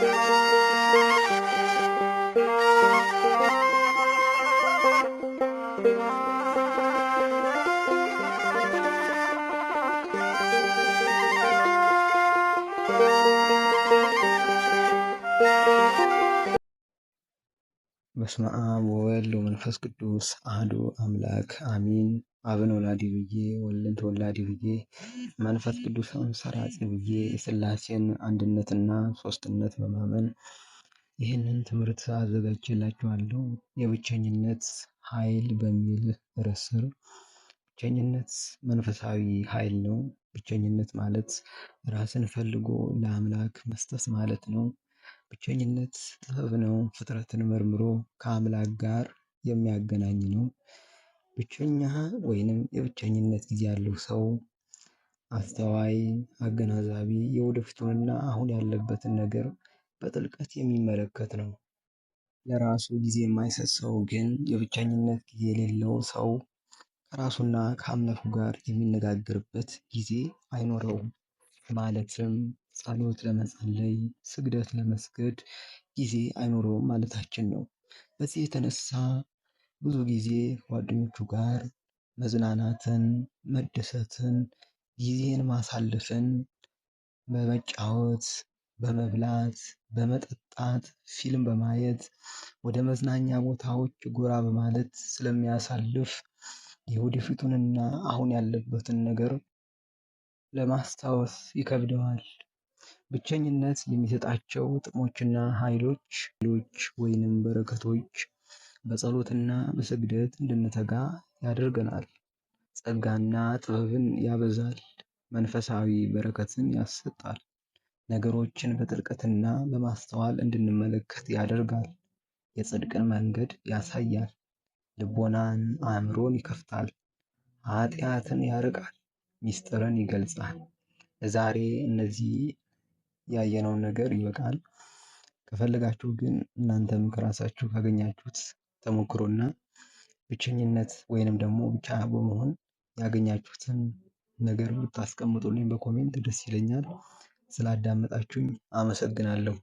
Música በስመ አብ ወወልድ ወመንፈስ ቅዱስ አህዱ አምላክ አሚን። አብን ወላዲ ብዬ ወልድን ተወላዲ ብዬ መንፈስ ቅዱስን ሰራጺ ብዬ የሥላሴን አንድነትና ሶስትነት በማመን ይህንን ትምህርት አዘጋጅላችኋለሁ። የብቸኝነት ኃይል በሚል ርዕስ ስር ብቸኝነት መንፈሳዊ ኃይል ነው። ብቸኝነት ማለት ራስን ፈልጎ ለአምላክ መስጠት ማለት ነው። ብቸኝነት ጥበብ ነው። ፍጥረትን መርምሮ ከአምላክ ጋር የሚያገናኝ ነው። ብቸኛ ወይንም የብቸኝነት ጊዜ ያለው ሰው አስተዋይ፣ አገናዛቢ የወደፊቱንና አሁን ያለበትን ነገር በጥልቀት የሚመለከት ነው። ለራሱ ጊዜ የማይሰጥ ሰው ግን የብቸኝነት ጊዜ የሌለው ሰው ከራሱና ከአምላኩ ጋር የሚነጋገርበት ጊዜ አይኖረውም። ማለትም ጸሎት ለመጸለይ ስግደት ለመስገድ ጊዜ አይኖረውም ማለታችን ነው። በዚህ የተነሳ ብዙ ጊዜ ጓደኞቹ ጋር መዝናናትን፣ መደሰትን፣ ጊዜን ማሳለፍን በመጫወት በመብላት፣ በመጠጣት፣ ፊልም በማየት ወደ መዝናኛ ቦታዎች ጎራ በማለት ስለሚያሳልፍ የወደፊቱንና አሁን ያለበትን ነገር ለማስታወስ ይከብደዋል። ብቸኝነት የሚሰጣቸው ጥቅሞችና ኃይሎች ሎች ወይንም በረከቶች በጸሎትና በስግደት እንድንተጋ ያደርገናል። ጸጋና ጥበብን ያበዛል፣ መንፈሳዊ በረከትን ያሰጣል፣ ነገሮችን በጥልቀትና በማስተዋል እንድንመለከት ያደርጋል፣ የጽድቅን መንገድ ያሳያል፣ ልቦናን አእምሮን ይከፍታል፣ ኃጢአትን ያርቃል፣ ሚስጥርን ይገልጻል። ለዛሬ እነዚህ ያየነውን ነገር ይበቃል። ከፈለጋችሁ ግን እናንተም ከራሳችሁ ካገኛችሁት ተሞክሮና ብቸኝነት ወይንም ደግሞ ብቻ በመሆን ያገኛችሁትን ነገር ብታስቀምጡልኝ በኮሜንት ደስ ይለኛል። ስላዳመጣችሁኝ አመሰግናለሁ።